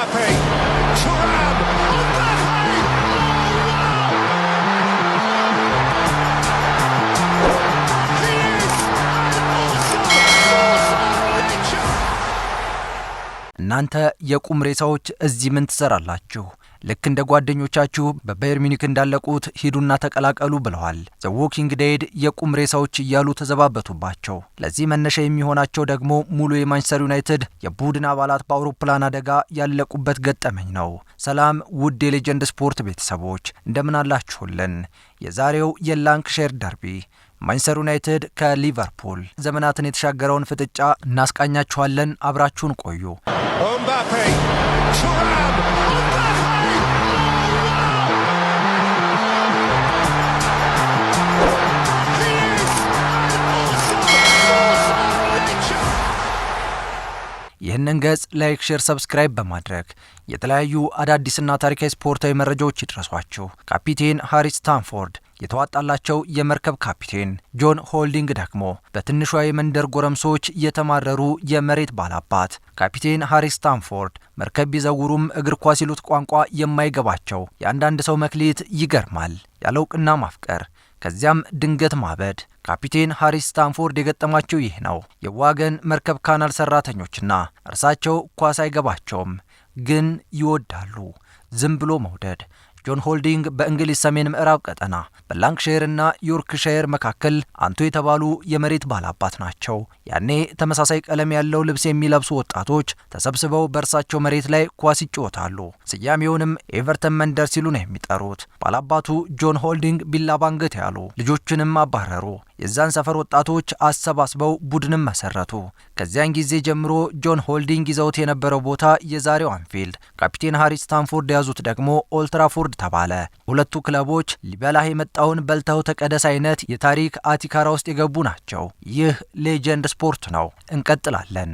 Mbappe. Thuram. Mbappe! እናንተ የቁም ሬሳዎች እዚህ ምን ትሰራላችሁ? ልክ እንደ ጓደኞቻችሁ በባየር ሚኒክ እንዳለቁት ሂዱና ተቀላቀሉ ብለዋል። ዘ ዎኪንግ ዴድ የቁም ሬሳዎች እያሉ ተዘባበቱባቸው። ለዚህ መነሻ የሚሆናቸው ደግሞ ሙሉ የማንቸስተር ዩናይትድ የቡድን አባላት በአውሮፕላን አደጋ ያለቁበት ገጠመኝ ነው። ሰላም ውድ የሌጀንድ ስፖርት ቤተሰቦች እንደምን አላችሁልን? የዛሬው የላንክሼር ደርቢ ማንቸስተር ዩናይትድ ከሊቨርፑል ዘመናትን የተሻገረውን ፍጥጫ እናስቃኛችኋለን። አብራችሁን ቆዩ። ይህንን ገጽ ላይክ፣ ሼር፣ ሰብስክራይብ በማድረግ የተለያዩ አዳዲስና ታሪካዊ ስፖርታዊ መረጃዎች ይድረሷችሁ። ካፒቴን ሃሪ ስታንፎርድ የተዋጣላቸው የመርከብ ካፒቴን ጆን ሆልዲንግ ደግሞ በትንሿ የመንደር ጎረምሶች የተማረሩ የመሬት ባላባት። ካፒቴን ሃሪ ስታንፎርድ መርከብ ቢዘውሩም እግር ኳስ ይሉት ቋንቋ የማይገባቸው የአንዳንድ ሰው መክሊት ይገርማል። ያለ እውቅና ማፍቀር ከዚያም ድንገት ማበድ። ካፒቴን ሃሪስ ስታንፎርድ የገጠማቸው ይህ ነው። የዋገን መርከብ ካናል ሰራተኞችና እርሳቸው ኳስ አይገባቸውም፣ ግን ይወዳሉ። ዝም ብሎ መውደድ ጆን ሆልዲንግ በእንግሊዝ ሰሜን ምዕራብ ቀጠና በላንክሻየር እና ዮርክሻየር መካከል አንቱ የተባሉ የመሬት ባላባት ናቸው። ያኔ ተመሳሳይ ቀለም ያለው ልብስ የሚለብሱ ወጣቶች ተሰብስበው በእርሳቸው መሬት ላይ ኳስ ይጫወታሉ። ስያሜውንም ኤቨርተን መንደር ሲሉ ነው የሚጠሩት። ባላባቱ ጆን ሆልዲንግ ቢላ ባንገት ያሉ ልጆችንም አባረሩ። የዛን ሰፈር ወጣቶች አሰባስበው ቡድንም መሰረቱ። ከዚያን ጊዜ ጀምሮ ጆን ሆልዲንግ ይዘውት የነበረው ቦታ የዛሬው አንፊልድ፣ ካፒቴን ሃሪ ስታንፎርድ የያዙት ደግሞ ኦልትራፎርድ ተባለ። ሁለቱ ክለቦች ሊበላህ የመጣውን በልተው ተቀደስ አይነት የታሪክ አቲካራ ውስጥ የገቡ ናቸው። ይህ ሌጀንድ ስፖርት ነው። እንቀጥላለን።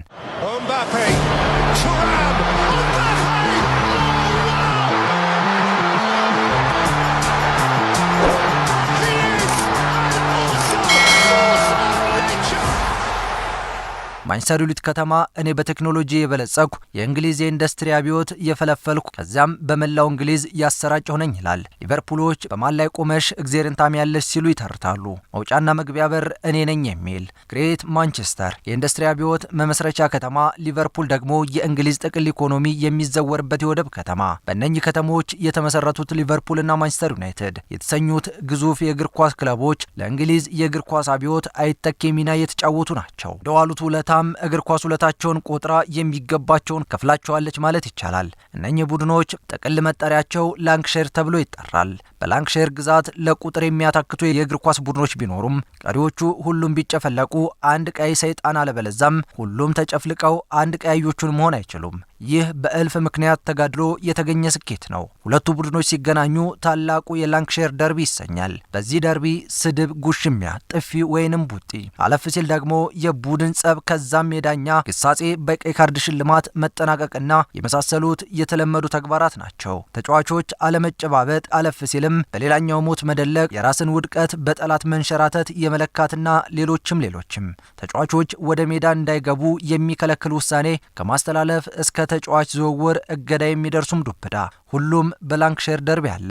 ማንቸስተር ዩናይትድ ከተማ እኔ በቴክኖሎጂ የበለጸኩ የእንግሊዝ የኢንዱስትሪ አብዮት የፈለፈልኩ ከዚያም በመላው እንግሊዝ ያሰራጭ ሆነኝ ይላል። ሊቨርፑሎች በማን ላይ ቆመሽ እግዜርን ታምያለሽ ሲሉ ይተርታሉ። መውጫና መግቢያ በር እኔ ነኝ የሚል ግሬት ማንቸስተር የኢንዱስትሪ አብዮት መመስረቻ ከተማ፣ ሊቨርፑል ደግሞ የእንግሊዝ ጥቅል ኢኮኖሚ የሚዘወርበት የወደብ ከተማ። በእነኚህ ከተሞች የተመሰረቱት ሊቨርፑልና ማንቸስተር ዩናይትድ የተሰኙት ግዙፍ የእግር ኳስ ክለቦች ለእንግሊዝ የእግር ኳስ አብዮት አይተኬ ሚና የተጫወቱ ናቸው። ደዋሉት ውለታ በርካታም እግር ኳስ ውለታቸውን ቆጥራ የሚገባቸውን ከፍላቸዋለች ማለት ይቻላል። እነኚህ ቡድኖች ጥቅል መጠሪያቸው ላንክሼር ተብሎ ይጠራል። በላንክሸር ግዛት ለቁጥር የሚያታክቱ የእግር ኳስ ቡድኖች ቢኖሩም ቀሪዎቹ ሁሉም ቢጨፈለቁ አንድ ቀይ ሰይጣን አለበለዛም ሁሉም ተጨፍልቀው አንድ ቀያዮቹን መሆን አይችሉም። ይህ በእልፍ ምክንያት ተጋድሎ የተገኘ ስኬት ነው። ሁለቱ ቡድኖች ሲገናኙ ታላቁ የላንክሼር ደርቢ ይሰኛል። በዚህ ደርቢ ስድብ፣ ጉሽሚያ፣ ጥፊ ወይንም ቡጢ፣ አለፍ ሲል ደግሞ የቡድን ጸብ፣ ከዛም የዳኛ ግሳጼ፣ በቀይ ካርድ ሽልማት መጠናቀቅና የመሳሰሉት የተለመዱ ተግባራት ናቸው። ተጫዋቾች አለመጨባበጥ፣ አለፍ ሲልም በሌላኛው ሞት መደለቅ፣ የራስን ውድቀት በጠላት መንሸራተት የመለካትና ሌሎችም ሌሎችም ተጫዋቾች ወደ ሜዳ እንዳይገቡ የሚከለክል ውሳኔ ከማስተላለፍ እስከ ከተጫዋች ዝውውር እገዳ የሚደርሱም ዱብዳ ሁሉም በላንክሸር ደርቢ አለ።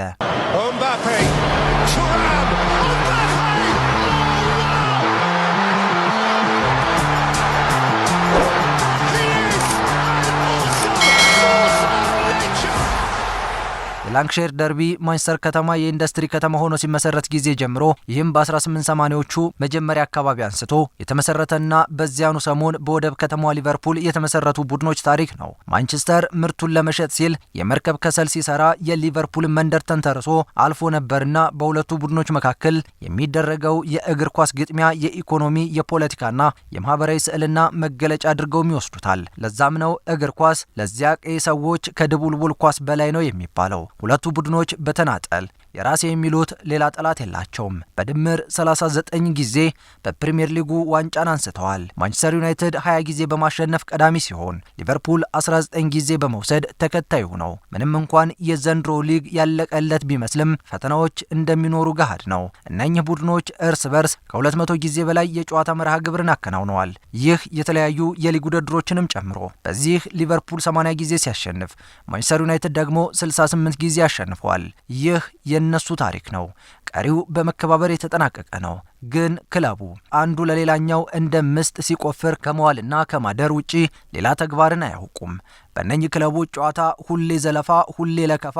የላንክሼር ደርቢ ማንቸስተር ከተማ የኢንዱስትሪ ከተማ ሆኖ ሲመሰረት ጊዜ ጀምሮ ይህም በ1880ዎቹ መጀመሪያ አካባቢ አንስቶ የተመሰረተና በዚያኑ ሰሞን በወደብ ከተማዋ ሊቨርፑል የተመሰረቱ ቡድኖች ታሪክ ነው። ማንቸስተር ምርቱን ለመሸጥ ሲል የመርከብ ከሰል ሲሰራ የሊቨርፑል መንደር ተንተርሶ አልፎ ነበርና በሁለቱ ቡድኖች መካከል የሚደረገው የእግር ኳስ ግጥሚያ የኢኮኖሚ የፖለቲካና የማህበራዊ ስዕልና መገለጫ አድርገውም ይወስዱታል። ለዛም ነው እግር ኳስ ለዚያ ቀይ ሰዎች ከድቡልቡል ኳስ በላይ ነው የሚባለው። ሁለቱ ቡድኖች በተናጠል የራሴ የሚሉት ሌላ ጠላት የላቸውም። በድምር 39 ጊዜ በፕሪምየር ሊጉ ዋንጫን አንስተዋል። ማንቸስተር ዩናይትድ 20 ጊዜ በማሸነፍ ቀዳሚ ሲሆን ሊቨርፑል 19 ጊዜ በመውሰድ ተከታዩ ነው። ምንም እንኳን የዘንድሮ ሊግ ያለቀለት ቢመስልም ፈተናዎች እንደሚኖሩ ገሃድ ነው። እነኚህ ቡድኖች እርስ በርስ ከ200 ጊዜ በላይ የጨዋታ መርሃ ግብርን አከናውነዋል። ይህ የተለያዩ የሊግ ውድድሮችንም ጨምሮ በዚህ ሊቨርፑል 80 ጊዜ ሲያሸንፍ ማንቸስተር ዩናይትድ ደግሞ 68 ጊዜ አሸንፈዋል። ይህ የእነሱ ታሪክ ነው። ቀሪው በመከባበር የተጠናቀቀ ነው። ግን ክለቡ አንዱ ለሌላኛው እንደ ምስጥ ሲቆፍር ከመዋልና ከማደር ውጪ ሌላ ተግባርን አያውቁም። በእነኚህ ክለቦች ጨዋታ ሁሌ ዘለፋ፣ ሁሌ ለከፋ፣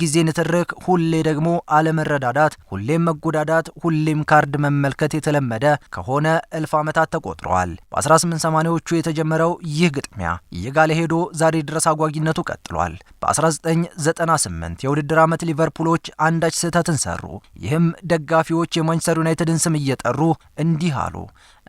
ጊዜ ንትርክ፣ ሁሌ ደግሞ አለመረዳዳት፣ ሁሌም መጎዳዳት፣ ሁሌም ካርድ መመልከት የተለመደ ከሆነ እልፍ ዓመታት ተቆጥረዋል። በ1880ዎቹ የተጀመረው ይህ ግጥሚያ እየጋለ ሄዶ ዛሬ ድረስ አጓጊነቱ ቀጥሏል። በ1998 የውድድር ዓመት ሊቨርፑሎች አንዳች ስህተትን ሰሩ። ይህም ደጋፊዎች የማንቸስተር ዩናይትድን ስም እየጠሩ እንዲህ አሉ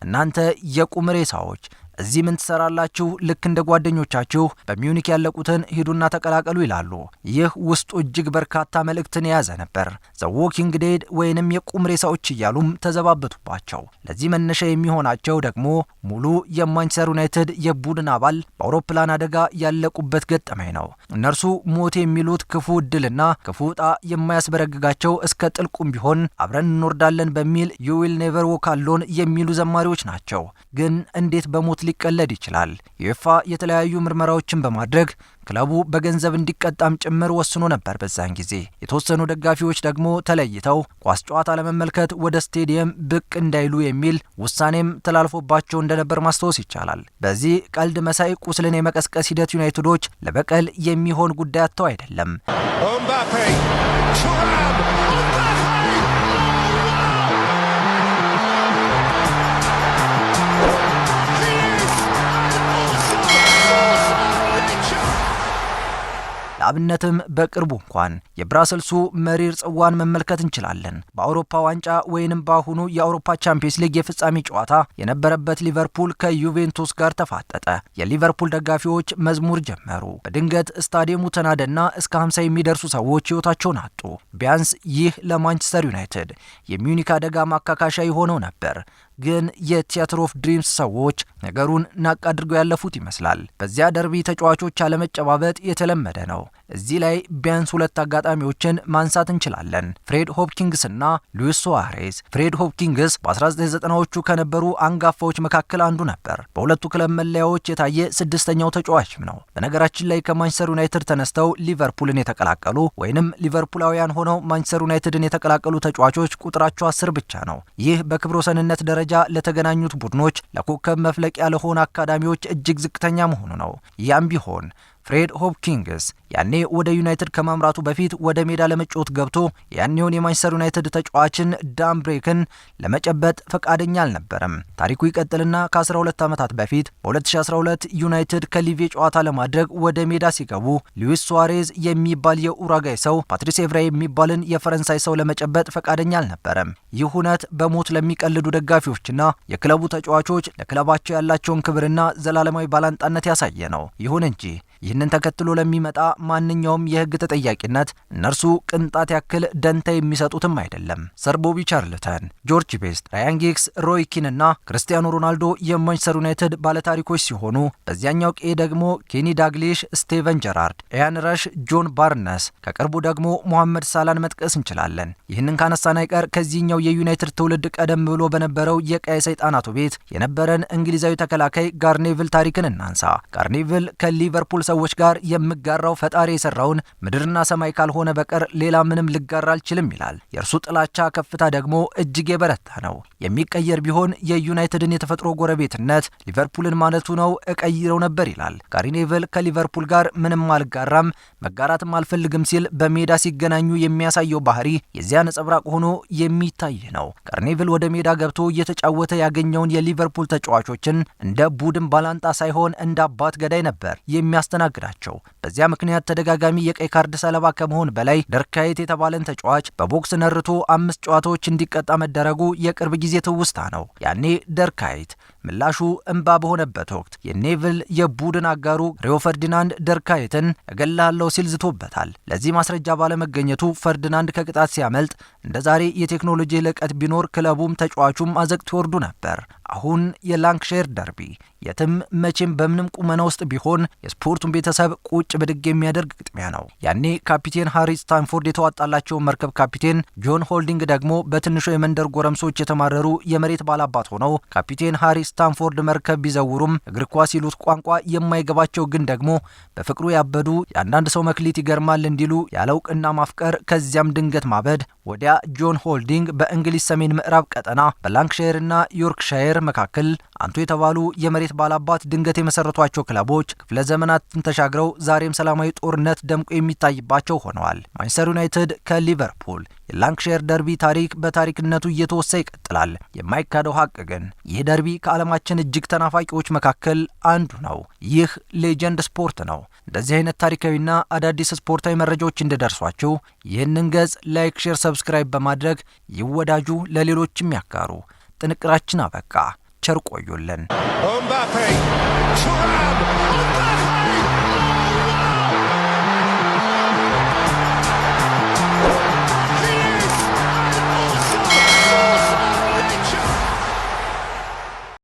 እናንተ የቁም ሬሳዎች እዚህ ምን ትሰራላችሁ? ልክ እንደ ጓደኞቻችሁ በሚዩኒክ ያለቁትን ሂዱና ተቀላቀሉ ይላሉ። ይህ ውስጡ እጅግ በርካታ መልእክትን የያዘ ነበር። ዘ ዎኪንግ ዴድ ወይንም የቁም ሬሳዎች እያሉም ተዘባበቱባቸው። ለዚህ መነሻ የሚሆናቸው ደግሞ ሙሉ የማንቸስተር ዩናይትድ የቡድን አባል በአውሮፕላን አደጋ ያለቁበት ገጠመኝ ነው። እነርሱ ሞት የሚሉት ክፉ እድልና ክፉ ጣ የማያስበረግጋቸው እስከ ጥልቁም ቢሆን አብረን እንወርዳለን በሚል ዩዊል ኔቨር ዎክ አሎን የሚሉ ዘማሪዎች ናቸው። ግን እንዴት በሞት ሊቀለድ ይችላል። ዩኤፋ የተለያዩ ምርመራዎችን በማድረግ ክለቡ በገንዘብ እንዲቀጣም ጭምር ወስኖ ነበር። በዛን ጊዜ የተወሰኑ ደጋፊዎች ደግሞ ተለይተው ኳስ ጨዋታ ለመመልከት ወደ ስቴዲየም ብቅ እንዳይሉ የሚል ውሳኔም ተላልፎባቸው እንደነበር ማስታወስ ይቻላል። በዚህ ቀልድ መሳይ ቁስልን የመቀስቀስ ሂደት ዩናይትዶች ለበቀል የሚሆን ጉዳይ አጥተው አይደለም። ለአብነትም በቅርቡ እንኳን የብራሰልሱ መሪር ጽዋን መመልከት እንችላለን። በአውሮፓ ዋንጫ ወይንም በአሁኑ የአውሮፓ ቻምፒየንስ ሊግ የፍጻሜ ጨዋታ የነበረበት ሊቨርፑል ከዩቬንቱስ ጋር ተፋጠጠ። የሊቨርፑል ደጋፊዎች መዝሙር ጀመሩ። በድንገት ስታዲየሙ ተናደና እስከ 50 የሚደርሱ ሰዎች ህይወታቸውን አጡ። ቢያንስ ይህ ለማንቸስተር ዩናይትድ የሚዩኒክ አደጋ ማካካሻ የሆነው ነበር። ግን የቲያትር ኦፍ ድሪምስ ሰዎች ነገሩን ናቅ አድርገው ያለፉት ይመስላል። በዚያ ደርቢ ተጫዋቾች አለመጨባበጥ የተለመደ ነው። እዚህ ላይ ቢያንስ ሁለት አጋጣሚዎችን ማንሳት እንችላለን። ፍሬድ ሆፕኪንግስ እና ሉዊስ ሱዋሬዝ። ፍሬድ ሆፕኪንግስ በ1990ዎቹ ከነበሩ አንጋፋዎች መካከል አንዱ ነበር። በሁለቱ ክለብ መለያዎች የታየ ስድስተኛው ተጫዋችም ነው። በነገራችን ላይ ከማንቸስተር ዩናይትድ ተነስተው ሊቨርፑልን የተቀላቀሉ ወይንም ሊቨርፑላውያን ሆነው ማንቸስተር ዩናይትድን የተቀላቀሉ ተጫዋቾች ቁጥራቸው አስር ብቻ ነው። ይህ በክብረ ወሰንነት ደረጃ ለተገናኙት ቡድኖች ለኮከብ መፍለቂያ ለሆኑ አካዳሚዎች እጅግ ዝቅተኛ መሆኑ ነው። ያም ቢሆን ፍሬድ ሆፕኪንግስ ያኔ ወደ ዩናይትድ ከማምራቱ በፊት ወደ ሜዳ ለመጫወት ገብቶ ያኔውን የማንቸስተር ዩናይትድ ተጫዋችን ዳም ብሬክን ለመጨበጥ ፈቃደኛ አልነበረም። ታሪኩ ይቀጥልና ከ12 ዓመታት በፊት በ2012 ዩናይትድ ከሊቬ ጨዋታ ለማድረግ ወደ ሜዳ ሲገቡ ሉዊስ ሱዋሬዝ የሚባል የኡራጋይ ሰው ፓትሪስ ኤቭራ የሚባልን የፈረንሳይ ሰው ለመጨበጥ ፈቃደኛ አልነበረም። ይህ ሁነት በሞት ለሚቀልዱ ደጋፊዎችና የክለቡ ተጫዋቾች ለክለባቸው ያላቸውን ክብርና ዘላለማዊ ባላንጣነት ያሳየ ነው። ይሁን እንጂ ይህንን ተከትሎ ለሚመጣ ማንኛውም የህግ ተጠያቂነት እነርሱ ቅንጣት ያክል ደንታ የሚሰጡትም አይደለም። ሰር ቦቢ ቻርልተን፣ ጆርጅ ቤስት፣ ራያን ጊግስ፣ ሮይ ኪን እና ክርስቲያኖ ሮናልዶ የማንቸስተር ዩናይትድ ባለታሪኮች ሲሆኑ በዚያኛው ቄ ደግሞ ኬኒ ዳግሊሽ፣ ስቴቨን ጀራርድ፣ ኤያን ረሽ፣ ጆን ባርነስ፣ ከቅርቡ ደግሞ ሞሐመድ ሳላን መጥቀስ እንችላለን። ይህንን ካነሳን አይቀር ከዚህኛው የዩናይትድ ትውልድ ቀደም ብሎ በነበረው የቀይ ሰይጣናቱ ቤት የነበረን እንግሊዛዊ ተከላካይ ጋርኔቪል ታሪክን እናንሳ። ጋርኔቪል ከሊቨርፑል ሰዎች ጋር የምጋራው ፈጣሪ የሰራውን ምድርና ሰማይ ካልሆነ በቀር ሌላ ምንም ልጋራ አልችልም ይላል። የእርሱ ጥላቻ ከፍታ ደግሞ እጅግ የበረታ ነው። የሚቀየር ቢሆን የዩናይትድን የተፈጥሮ ጎረቤትነት ሊቨርፑልን ማለቱ ነው እቀይረው ነበር ይላል። ጋሪ ኔቭል ከሊቨርፑል ጋር ምንም አልጋራም፣ መጋራትም አልፈልግም ሲል በሜዳ ሲገናኙ የሚያሳየው ባህሪ የዚያ ነጸብራቅ ሆኖ የሚታይ ነው። ጋሪ ኔቭል ወደ ሜዳ ገብቶ እየተጫወተ ያገኘውን የሊቨርፑል ተጫዋቾችን እንደ ቡድን ባላንጣ ሳይሆን እንደ አባት ገዳይ ነበር የሚያስተና ሲያስተናግዳቸው። በዚያ ምክንያት ተደጋጋሚ የቀይ ካርድ ሰለባ ከመሆን በላይ ደርካየት የተባለን ተጫዋች በቦክስ ነርቶ አምስት ጨዋታዎች እንዲቀጣ መደረጉ የቅርብ ጊዜ ትውስታ ነው። ያኔ ደርካየት ምላሹ እንባ በሆነበት ወቅት የኔቭል የቡድን አጋሩ ሪዮ ፈርዲናንድ ደርካየትን እገላለሁ ሲል ዝቶበታል። ለዚህ ማስረጃ ባለመገኘቱ ፈርዲናንድ ከቅጣት ሲያመልጥ እንደ ዛሬ የቴክኖሎጂ ልቀት ቢኖር ክለቡም ተጫዋቹም አዘቅት ይወርዱ ነበር። አሁን የላንክሼር ደርቢ የትም መቼም በምንም ቁመና ውስጥ ቢሆን የስፖርቱ የሁለቱን ቤተሰብ ቁጭ ብድግ የሚያደርግ ግጥሚያ ነው። ያኔ ካፒቴን ሃሪ ስታንፎርድ የተዋጣላቸውን መርከብ ካፒቴን ጆን ሆልዲንግ ደግሞ በትንሹ የመንደር ጎረምሶች የተማረሩ የመሬት ባላባት ሆነው ካፒቴን ሃሪ ስታንፎርድ መርከብ ቢዘውሩም እግር ኳስ ይሉት ቋንቋ የማይገባቸው ግን ደግሞ በፍቅሩ ያበዱ የአንዳንድ ሰው መክሊት ይገርማል እንዲሉ ያለ ማፍቀር ከዚያም ድንገት ማበድ ወዲያ ጆን ሆልዲንግ በእንግሊዝ ሰሜን ምዕራብ ቀጠና በላንክሻየርና ዮርክሻየር መካከል አንቱ የተባሉ የመሬት ባላባት ድንገት የመሰረቷቸው ክለቦች ክፍለ ዘመናት ተሻግረው ዛሬም ሰላማዊ ጦርነት ደምቆ የሚታይባቸው ሆነዋል። ማንቸስተር ዩናይትድ ከሊቨርፑል የላንክሼር ደርቢ ታሪክ በታሪክነቱ እየተወሳ ይቀጥላል። የማይካደው ሀቅ ግን ይህ ደርቢ ከዓለማችን እጅግ ተናፋቂዎች መካከል አንዱ ነው። ይህ ሌጀንድ ስፖርት ነው። እንደዚህ አይነት ታሪካዊና አዳዲስ ስፖርታዊ መረጃዎች እንዲደርሷችሁ ይህንን ገጽ ላይክ፣ ሼር፣ ሰብስክራይብ በማድረግ ይወዳጁ፣ ለሌሎችም ያጋሩ። ጥንቅራችን አበቃ። ቸር ቆዩልን።